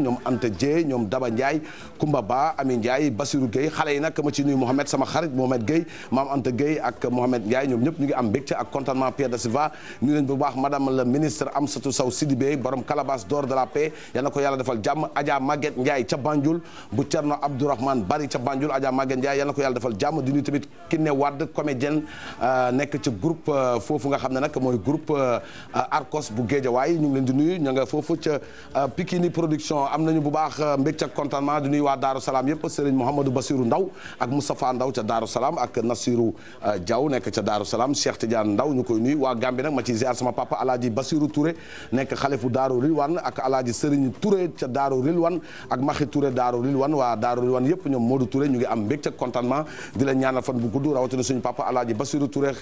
ñoom Anta Dieye ñoom Daba Ndiaye Koumba Ba Ami Ndiaye Basirou Gueye xale yi nag ma ci nuyu Mohamed sama xarit Mohamed Gueye maam Anta Gueye ak Mohamed Ndiaye ñoom ñëpp ñu ngi am mbégte ak contentement Pierre da Silva nuyu nañ bu baax madame la ministre Amsatou Sow Sidibé borom calebasse d'or de la paix yal na ko yàlla defal jàmm Adja Maguette Ndiaye ca Banjul bu Thierno Abdourahmane Bari ca Banjul Adja Maguette Ndiaye yal na ko yàlla defal jàmm di nuyu tamit Kiné Wade comédienne euh, euh, euh, bu Guédiawaye ñu ngi leen di nuyu ña am nañu bu baax euh, mbégte ak contentement di nuyu waa Daaru Salaam yëpp Serigne Mouhamadou Bassirou Ndaw ak Moustapha Ndaw ca Daaru Salaam ak Nassirou euh, Diaw nekk ca Daaru Salaam Cheikh Tidiane Ndaw ñu koy nuyu waa Gambie nag ma ci ziar sama papa alaaji Bassirou Touré nekk xalifu Daaru Rilwan ak alaaji Serigne Touré ca Daaru Rilwan ak Maxi Touré Daaru Rilwan waa Daaru Rilwan yëpp ñoom Modou Touré ñu ngi am mbégte ak contentement di la ñaanal fan bu gudd rawatina suñu papa alaaji Bassirou Touré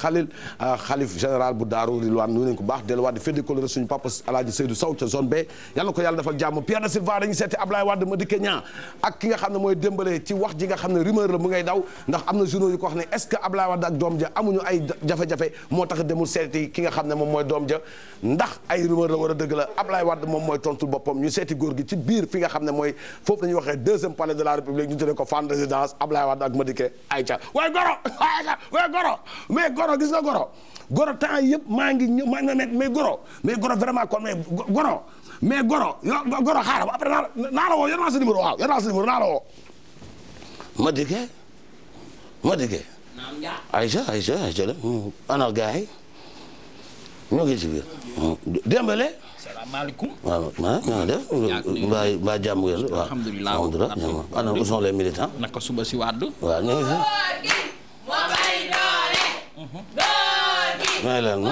xalil euh, xalif bu Daaru Rilwan nuyu nañ baax delluwaat di feddi coloré suñu papa alaaji Seydou Sow ca zone B Pierre de Silva dañu seeti Ablaye Wade Madické Niang ak ki nga xam ne mooy Dembélé ci wax ji nga xam ne rumeur la mu ngay daw ndax am na journaux yu ko wax ne est-ce que Ablaye Wade ak doom ja amuñu ay jafe-jafe moo tax demul seeti ki nga xam ne moom mooy doom ja ndax ay rumeur la war a dëgg la Ablaye Wade moom mooy tontul boppam ñu seeti góor gi ci biir fi nga xam ne mooy foofu lañuy waxee deuxième palais de la République ñu tuddee ko fan résidence Ablaye Wade ak Madické maa ngi ñëw maa ngi mais goro mais goro vraiment kon mais goro mais goro ma xaaral ma après naa la woo yor naa sa numéro waaw yor naa sa numéro naa la woo. ma dikkee ma dikkee. Aïcha hmm, ana gars yi ñoo ngi ci biir. Dembélé. salaamaaleykum. ana où les militants. naka suba si wàdd. waaw ñoo ngi mhm.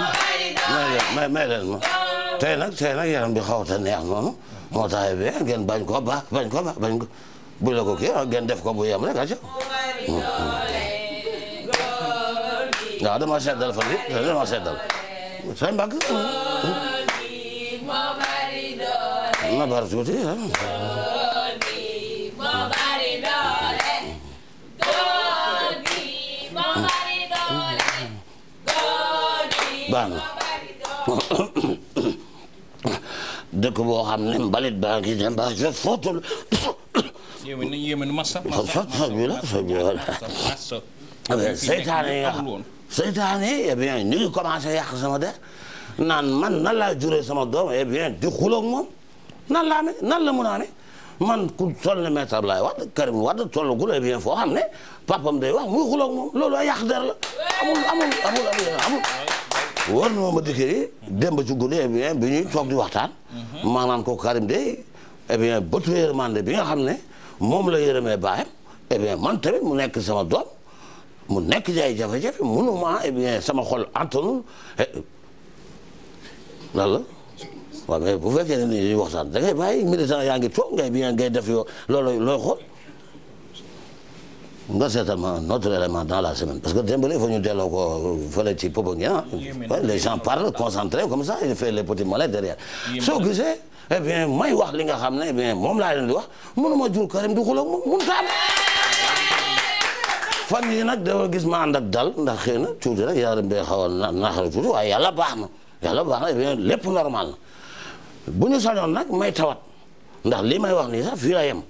leen leen tey nag tey nag yaram bi xaw te neex noonu moo tax be ko bu la ko kii ngeen ko bu yem rek aca waaw dama seddal fan yi dama seddal dëkk boo xam ne mbalit baa ngi dem ba je fottul. yéeme na yéeme na masa. masa masa bi la masa seytaane yi nga xam seytaane yi eh bien ñu ngi commencé yàq sama der naan man nan laa juree sama doom eh bien di xuloog moom nan laa amee nan la mun a amee man ku toll ne maître Ablaye Wade Karim Wade tollagul eh bien foo xam ne papam day wax muy xuloog moom loolu ay yàq der la amul amul amul amul. war na ma ma dikkee démb ci guddi eh bien bi ñuy toog di waxtaan. Mhm. maa naan ko Karim de eh bien bëtu yërmande bi nga xam ne moom la yërëmee baayam eh bien man tamit mu nekk sama doom mu nekk ci ay jafe-jafe mënuma eh sama xol antanul eh, lan la waaw mais bu fekkee ne ni ñuy waxtaan da ngay bàyyi yaa ngi toog ngay bien ngay def yoo looloo looy xool. nga seetal ma notre élément dans la semaine parce que Dembélé il faut ñu delloo ko fële ci Popenguine les gens parlent concentrés comme ça il fait les petits malais derrière soo gisee eh bien may wax li nga xam ne eh bien moom laa leen di wax mënuma jur Karim du xuloo moom mun taam fan yi nag dafa gis ma ànd ak dal ndax xëy na tuuti rek yaram bee xaw a naaxal tuuti waaye yàlla baax na yàlla baax na eh bien lépp normal na bu ñu sañoon nag may tawat ndax li may wax nii sax fii la yem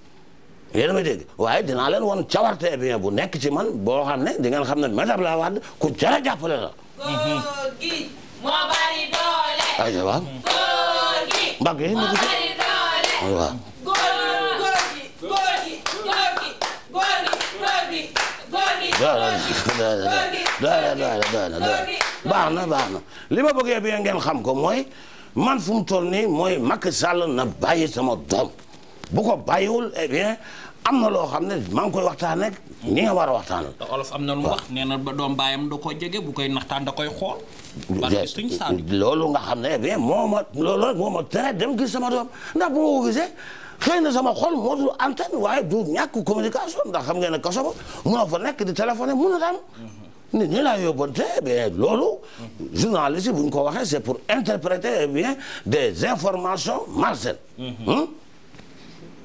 yéen a may dégg waaye dinaa leen woon cawarte bien bu nekk ci man boo xam ne di ngeen xam ne madame la Wade ku jar a jàppale la. góor gi moo bari doole. aywa waaw. góor gi. mbagg yi moo bari doole. waaw. góor gi góor gi góor gi góor gi góor gi góor gi baax na baax na li ma bëggee bien ngeen xam ko mooy man fu mu toll nii mooy Macky Sall na bàyyi sama doom. bu ko bàyyiwul eh bien am na loo xam ne maa ngi koy waxtaan ak ñi war a waxtaanal. te olof am na lu wax nee na doom bàyyam da koo jege bu koy naxtaan da koy xool. loolu nga xam ne eh bien moo ma loolu rek moo ma tere dem gis sama doom ndax bu ma ko na sama xol moo dul antenne waaye du ñàkk communication ndax xam ngeen ne kaso ba munoo nekk di téléphoné mun na daan mhm. nit ñi laa yóbbante mais eh loolu mhm. journaliste bu ñu ko waxee c'est pour interpréter eh bien des informations malsaines mhm. hmm?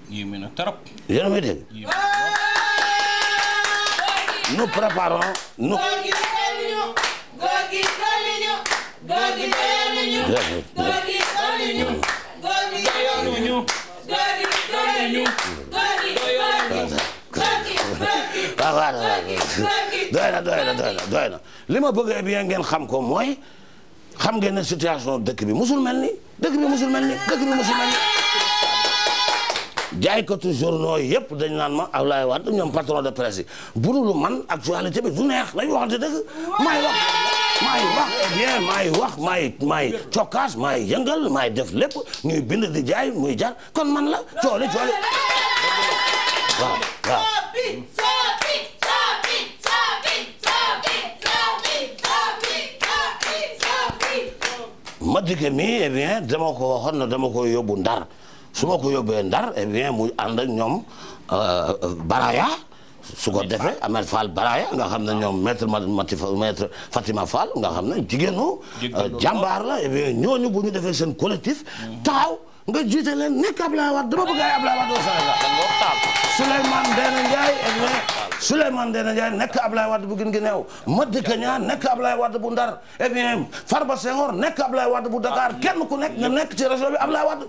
yéeme na trop. yéen a ngi dégg. nous préparons nous. doy na doy na doy na doy na li ma bëggee bien ngeen xam ko mooy xam ngeen ne situation dëkk bi musul mel ni dëkk bi musul mel ni dëkk bi musul mel ni jaaykatu journaux yëpp dañ naan ma Ablaye Wade ñoom patron de presse yi bu dul man actualité bi du neex dañu wax maay wax eh bien wax maay maay cokkaas maay yëngal maay def lépp ñuy bind di jaay muy jar kon man la coole coole ma dikke mi eh bien dama ko waxoon na ko yóbbu ndar su ma ko yóbbee ndar et eh bien mu ànd ak ñoom euh, euh, Baraya. su ko defee Ahmed Fall Baraya nga xam ne ñoom maître Mati maître Fatima Fall nga xam ne jigéenu euh, jàmbaar la et eh bien ñooñu bu ñu defee seen collectif. Mm-hmm. taxaw nga jiite leen nekk Ablaye Wade dama bëgg ay Ablaye Wade Ndéné Ndiaye ak ma ne Souleymane Ndéné Ndiaye nekk Ablaye Wade bu gën gi neew Madické Niang nekk Ablaye Wade bu Ndar et bien Farba Senghor nekk Ablaye Wade bu Dakar kenn ku nekk nga nekk ci région bi Ablaye Wade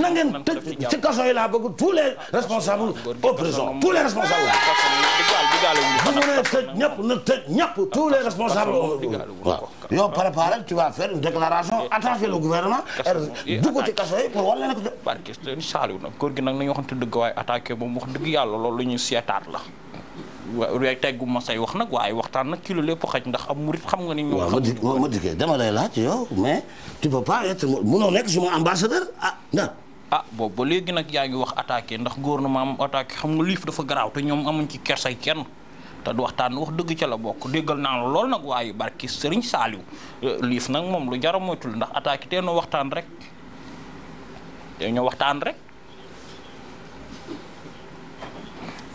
na ngeen tëj ci kaso yi laa bëgg tous les responsables aux prisons tous les responsables bu mu nee tëj tu vas faire une le gouvernement et ci kaso yi ne ko góor gi nag nañu waxante dëgg waaye attaqué moom wax dëgg ñu seetaat la. waaw yooyu teggu wax nag waaye waxtaan nag ci la lépp xaj ndax am murit xam nga ni. ñoo xam waaw ma dikkee dama lay laaj yow mais tu peux pas être munoo nekk suma ambassadeur ah, ah boobu ba léegi nag yaa ngi wax attaqué ndax gouvernement am attaqué xam nga liif dafa garaaw te ñoom amuñ ci kersay kenn te du waxtaan wax dëgg ca la bokk déggal naa la lool nag waaye barki sëriñ Saaliw euh, liif nag moom lu jar a moytul ndax attaqué tee noo waxtaan rek tee ñoo